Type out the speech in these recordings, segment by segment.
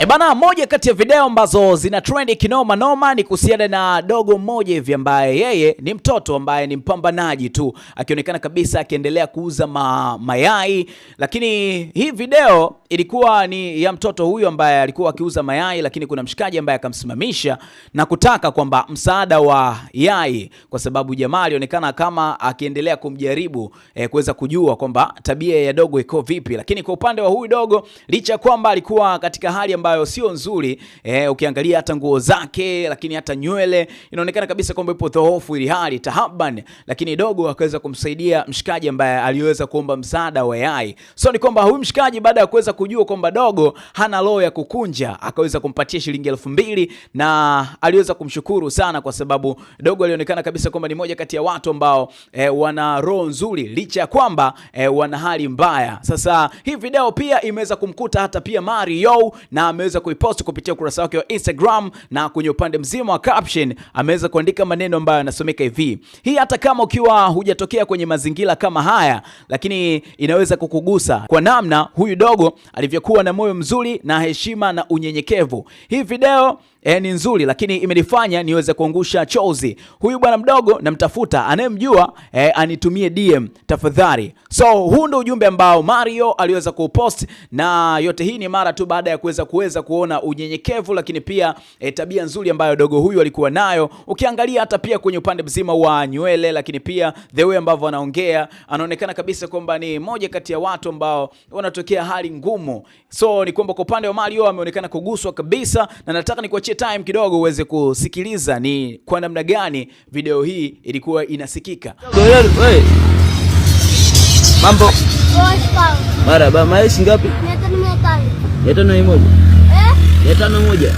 E bana, moja kati ya video ambazo zina trend kinoma noma ni kuhusiana na dogo mmoja hivi ambaye yeye ni mtoto ambaye ni mpambanaji tu, akionekana kabisa akiendelea kuuza ma, mayai. Lakini hii video ilikuwa ni ya mtoto huyu ambaye alikuwa akiuza mayai, lakini kuna mshikaji ambaye akamsimamisha na kutaka kwamba msaada wa yai, kwa sababu jamaa alionekana kama akiendelea kumjaribu eh, kuweza kujua kwamba tabia ya dogo iko vipi. Lakini kwa upande wa huyu dogo, licha kwamba alikuwa katika hali ambayo ambayo sio nzuri eh, ukiangalia hata nguo zake, lakini hata nywele inaonekana kabisa kwamba ipo dhoofu, ili hali tahaban, lakini dogo akaweza kumsaidia mshikaji ambaye aliweza kuomba msaada wa AI. So ni kwamba huyu mshikaji baada ya kuweza kujua kwamba dogo hana roho ya kukunja, akaweza kumpatia shilingi elfu mbili na aliweza kumshukuru sana, kwa sababu dogo alionekana kabisa kwamba ni moja kati ya watu ambao eh, wana roho nzuri licha ya kwamba eh, wana hali mbaya. Sasa hii video pia imeweza kumkuta hata pia Mario na ameweza kuipost kupitia ukurasa wake wa Instagram na kwenye upande mzima wa caption ameweza kuandika maneno ambayo yanasomeka hivi. Hii hata kama ukiwa hujatokea kwenye mazingira kama haya, lakini inaweza kukugusa kwa namna huyu dogo alivyokuwa na moyo mzuri na heshima na unyenyekevu. Hii video e, ni nzuri, lakini imenifanya niweze kuangusha chozi. Huyu bwana mdogo namtafuta, anayemjua e, anitumie DM tafadhali. So huu ndio ujumbe ambao Mario aliweza kupost, na yote hii ni mara tu baada ya kuweza kuweza kuona unyenyekevu, lakini pia e, tabia nzuri ambayo dogo huyu alikuwa nayo. Ukiangalia hata pia kwenye upande mzima wa nywele, lakini pia the way ambavyo anaongea, anaonekana kabisa kwamba ni moja kati ya watu ambao wanatokea hali ngumu. So ni kwamba kwa upande wa Mario ameonekana kuguswa kabisa, na nataka ni kwa uache time kidogo uweze kusikiliza ni kwa namna gani video hii ilikuwa inasikika. Mambo. Maraba, maishi ngapi? Mia tano na moja. Mia tano na moja.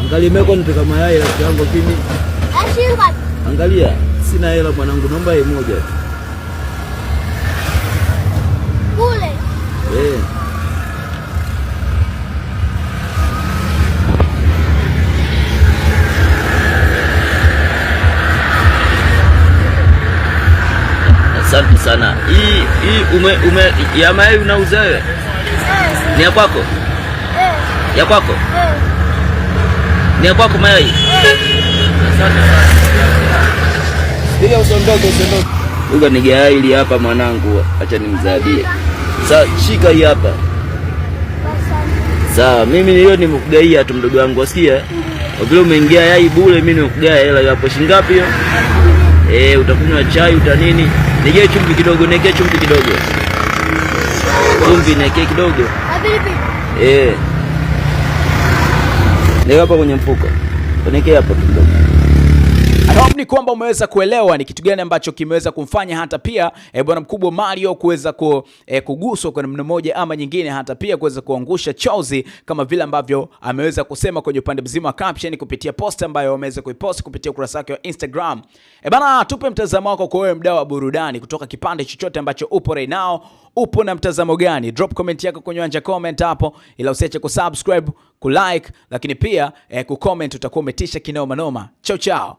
Angalia meko nitaka mayai rafiki yangu kimi. Angalia, sina hela mwanangu, naomba moja. sana. Hii hii ume, ume ya mayai unauza wewe? Eh. Ni ya kwako? Eh. Ya kwako? Eh. Ni ya kwako mayai? Bila usondoke, usondoke. Uga ni gai hapa mwanangu, acha nimzadie. Sasa shika hii hapa. Sawa, mimi hiyo nimekugaia tu mdogo wangu, wasikia? Kwa vile umeingia yai bure, mimi nimekugaia hela hapo shilingi ngapi hiyo? eh, utakunywa chai uta nini, nije chumvi kidogo, niwekee chumvi kidogo, chumvi niwekee kidogo eh, niweka hapa kwenye mfuko, niwekee hapo kidogo. Hope ni kwamba umeweza kuelewa ni kitu gani ambacho kimeweza kumfanya hata pia e, bwana mkubwa Mario kuweza ku, e, kuguswa kwa namna moja ama nyingine, hata pia kuweza kuangusha chozi kama vile ambavyo ameweza kusema kwenye upande mzima wa caption kupitia post ambayo ameweza kuipost kupitia ukurasa wake wa Instagram. E bana, tupe mtazamo wako kwa wewe mdau wa burudani kutoka kipande chochote ambacho upo right now. Upo na mtazamo gani? Drop comment yako kwenye anja comment hapo, ila usiache kusubscribe, kulike, lakini pia eh, kucomment. Utakuwa umetisha kinao manoma. Chao chao.